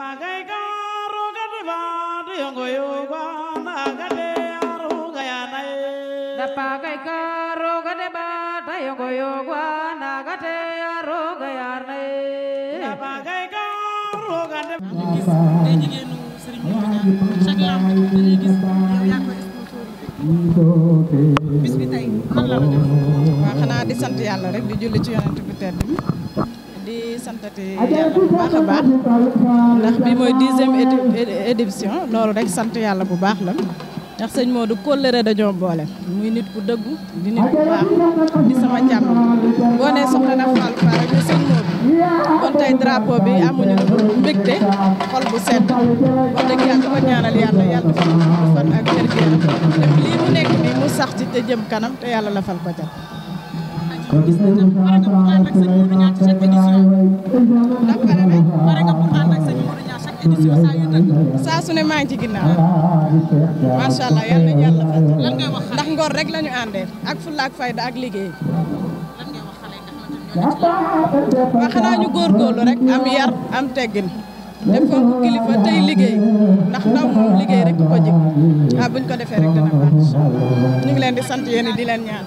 pagai karo aru gaya nai karo aru gaya nai man la ko jox di sant yàlla rek di julli ci yonent bi tedd di santati yàlla bu baax a baax ndax bi mooy dixième euh, édition loolu rek sant yàlla bu baax la ndax sëñ Modou kóllëre dañoo boole muy nit ku dëggu di nit ku baax di sama càmm boo nee soxna na Fall Fall dëgg yàlla ko ñaanal yàlla yàlla ak kër gi def lii mu nekk nii mu sax ci te jëm kanam te yàlla la fal ko ca saa su ne maa ngi ci ginnaaw macha allah yal na yàlla lan ngay wax ndax ngor rek la ñu àndee ak fulla ak fayda ak liggéey ba xanaa ñu góorgóorlu rek am yar am teggin def ko kilifa tey liggéey ndax ndaw moom liggéey rek ko jig ah buñ ko defee rek dana baax ñu ngi leen di sant yéen di leen ñaan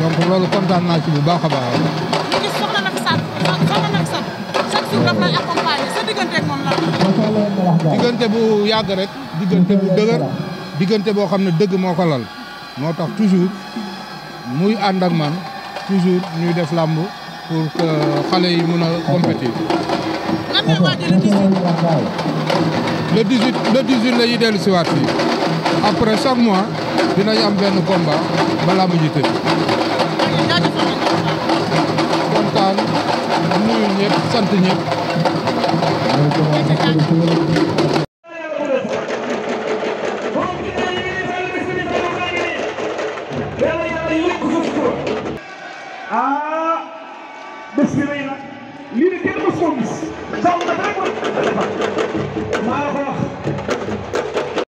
donc loolu kontaan naa ci bu baax a baax. ñu gis soxna Nafi Sall soxna Nafi Sall chaque jour daf diggante bu yàgg rek diggante bu dëgër diggante boo xam ne dëgg moo falal moo tax toujours muy ànd ak man toujours ñuy def làmb pour que xale yi mën a compétir. lan ngay waajal la ñuy dellu si waat fii. après chaque mois dinañ am benn combat balaa mu ñu tëj. kontaan nuyu sant ñëpp. Ah,